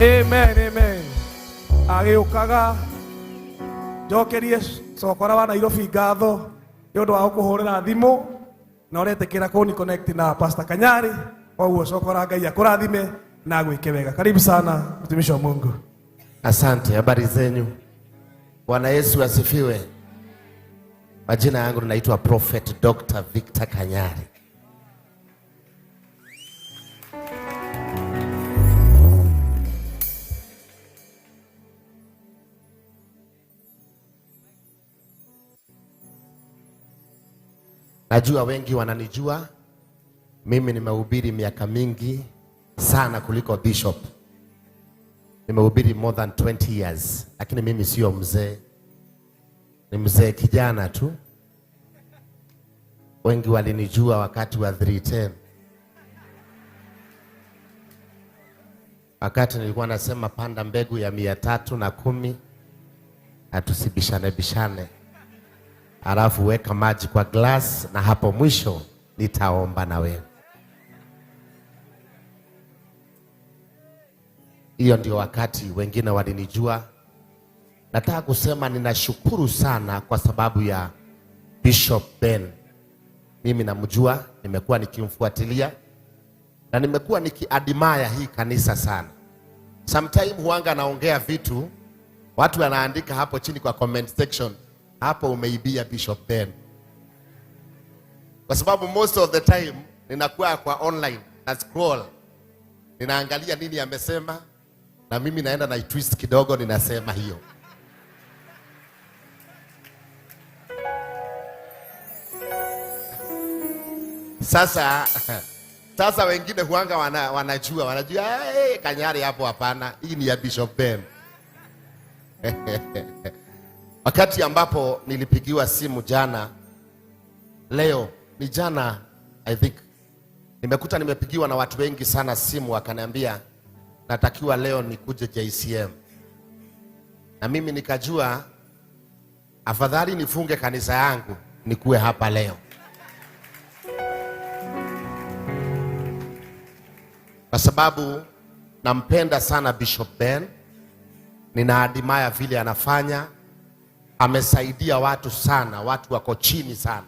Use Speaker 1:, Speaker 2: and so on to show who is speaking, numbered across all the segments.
Speaker 1: amen amen kaga njokerie cokora wa Nairobi ngatho ni undu wa gukuhurira thimu na uretikira kuni connect na pasta Kanyari koguo cokora Ngai akurathime na agwike wega karibu sana mtumishi wa Mungu
Speaker 2: asante habari zenyu Bwana Yesu asifiwe majina yangu naitwa Prophet Dr. Victor Kanyari Najua wengi wananijua mimi, nimehubiri miaka mingi sana kuliko bishop. Nimehubiri more than 20 years, lakini mimi sio mzee, ni mzee kijana tu. Wengi walinijua wakati wa 310 wakati nilikuwa nasema panda mbegu ya mia tatu na kumi, hatusibishane bishane alafu weka maji kwa glass, na hapo mwisho nitaomba na wewe. Hiyo ndio wakati wengine walinijua. Nataka kusema ninashukuru sana kwa sababu ya Bishop Ben. Mimi namjua, nimekuwa nikimfuatilia na nimekuwa nikiadimaya hii kanisa sana. Sometime huanga anaongea vitu watu wanaandika hapo chini kwa comment section hapo umeibia Bishop Ben, kwa sababu most of the time ninakuwa kwa online na scroll, ninaangalia nini amesema, na mimi naenda na twist kidogo, ninasema hiyo Sasa sasa wengine huanga wana, wanajua wanajua hey, Kanyari hapo hapana, hii ni ya Bishop Ben Wakati ambapo nilipigiwa simu jana, leo ni jana I think, nimekuta nimepigiwa na watu wengi sana simu, wakaniambia natakiwa leo nikuje JCM, na mimi nikajua afadhali nifunge kanisa yangu nikuwe hapa leo, kwa sababu nampenda sana Bishop Ben, ninaadimaya vile anafanya amesaidia watu sana, watu wako chini sana.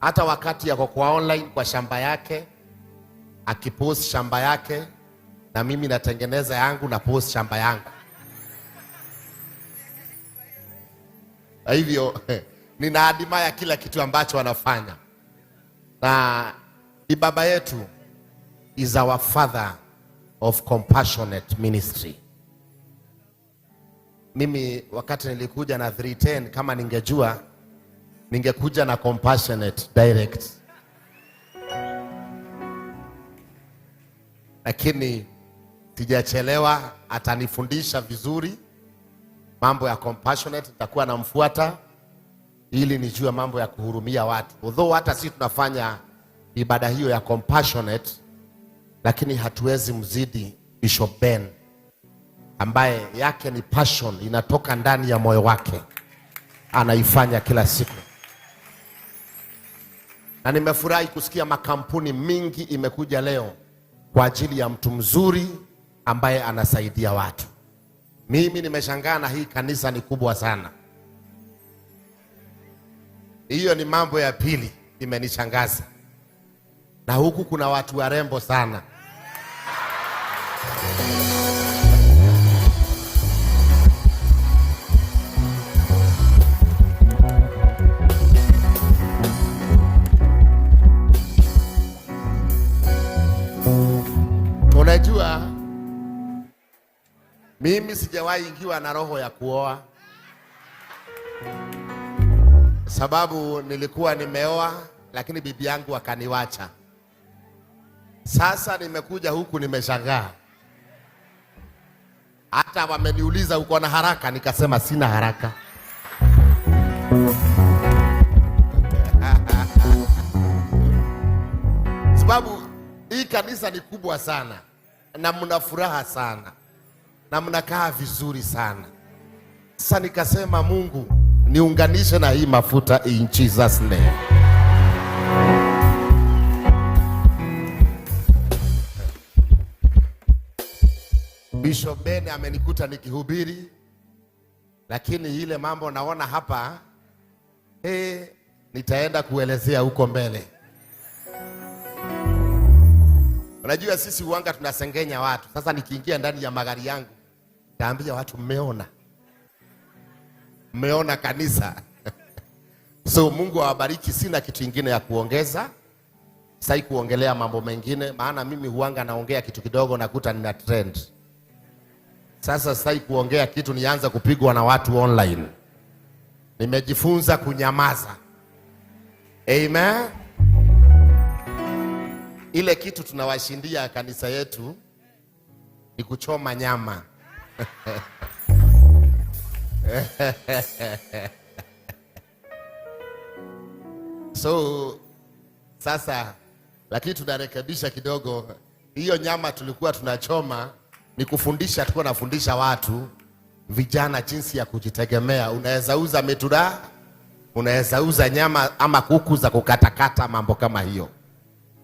Speaker 2: Hata wakati yako kwa online kwa shamba yake akipost shamba yake, na mimi natengeneza yangu na post shamba yangu hivyo nina adima ya kila kitu ambacho wanafanya, na ni baba yetu is our father of compassionate ministry mimi wakati nilikuja na 310 kama ningejua ningekuja na compassionate direct, lakini sijachelewa. Atanifundisha vizuri mambo ya compassionate, nitakuwa namfuata ili nijue mambo ya kuhurumia watu, although hata sisi tunafanya ibada hiyo ya compassionate, lakini hatuwezi mzidi Bishop Ben ambaye yake ni passion inatoka ndani ya moyo wake, anaifanya kila siku. Na nimefurahi kusikia makampuni mingi imekuja leo kwa ajili ya mtu mzuri ambaye anasaidia watu. Mimi nimeshangaa na hii kanisa ni kubwa sana. Hiyo ni mambo ya pili imenishangaza, na huku kuna watu warembo sana. Mimi sijawahi ingiwa na roho ya kuoa, sababu nilikuwa nimeoa, lakini bibi yangu akaniwacha. Sasa nimekuja huku nimeshangaa, hata wameniuliza uko na haraka, nikasema sina haraka. Sababu hii kanisa ni kubwa sana na mna furaha sana na mnakaa vizuri sana. Sasa nikasema Mungu niunganishe na hii mafuta in Jesus name. Bishop Ben amenikuta nikihubiri, lakini ile mambo naona hapa eh, nitaenda kuelezea huko mbele. Unajua sisi uanga tunasengenya watu. Sasa nikiingia ndani ya magari yangu Taambia watu mmeona, mmeona kanisa. So Mungu awabariki, sina kitu ingine ya kuongeza sai kuongelea mambo mengine, maana mimi huanga naongea kitu kidogo nakuta nina trend. Sasa sai kuongea kitu nianza kupigwa na watu online. Nimejifunza kunyamaza. Amen. Ile kitu tunawashindia kanisa yetu ni kuchoma nyama. So sasa, lakini tunarekebisha kidogo hiyo nyama tulikuwa tunachoma. Ni kufundisha, tuko nafundisha watu vijana jinsi ya kujitegemea. Unaweza uza mitura, unaweza uza nyama ama kuku za kukatakata, mambo kama hiyo,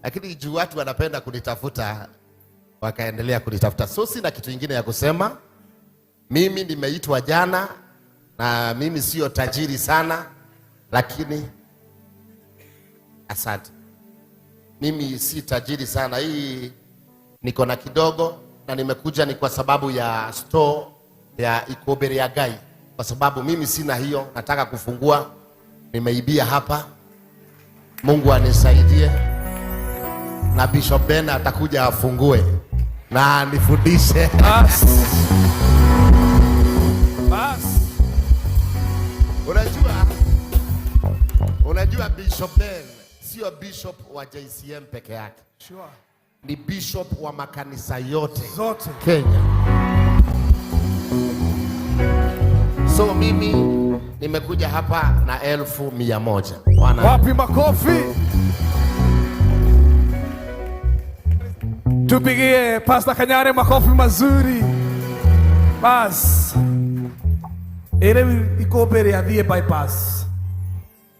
Speaker 2: lakini juu watu wanapenda kunitafuta, wakaendelea kunitafuta. So sina kitu ingine ya kusema. Mimi nimeitwa jana, na mimi siyo tajiri sana, lakini asante. Mimi si tajiri sana, hii niko na kidogo, na nimekuja ni kwa sababu ya store ya Ikobere ya Gai, kwa sababu mimi sina hiyo, nataka kufungua, nimeibia hapa. Mungu anisaidie, na Bishop Ben atakuja afungue na nifundishe ah. Unajua Bishop Ben sio bishop wa JCM peke yake. Sure. Ni bishop wa makanisa yote zote Kenya. So mimi nimekuja hapa na elfu mia moja.
Speaker 1: Wapi makofi? Tupigie Pastor Kanyare makofi mazuri. Bas. Ere ikopere mbele ya bypass.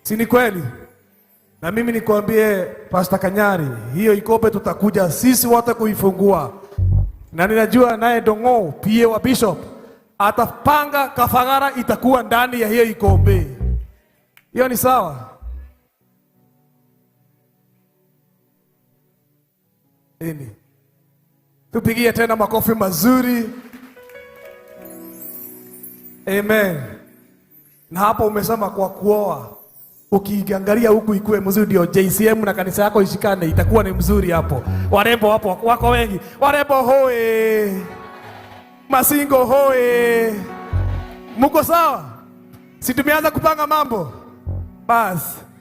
Speaker 1: Si ni kweli? Na mimi nikwambie Pastor Kanyari, hiyo ikope tutakuja sisi wote kuifungua, na ninajua naye Dongo pia wa bishop atapanga kafagara itakuwa ndani ya hiyo ikombe. Hiyo ni sawa? Ini. Tupigie tena makofi mazuri. Amen. Na hapo umesema kwa kuoa ukiangalia huku ikuwe mzuri, ndio JCM na kanisa yako ishikane, itakuwa ni mzuri hapo. Warembo wapo wako wengi, warembo hoe, masingo hoe, muko sawa? Si tumeanza kupanga mambo basi.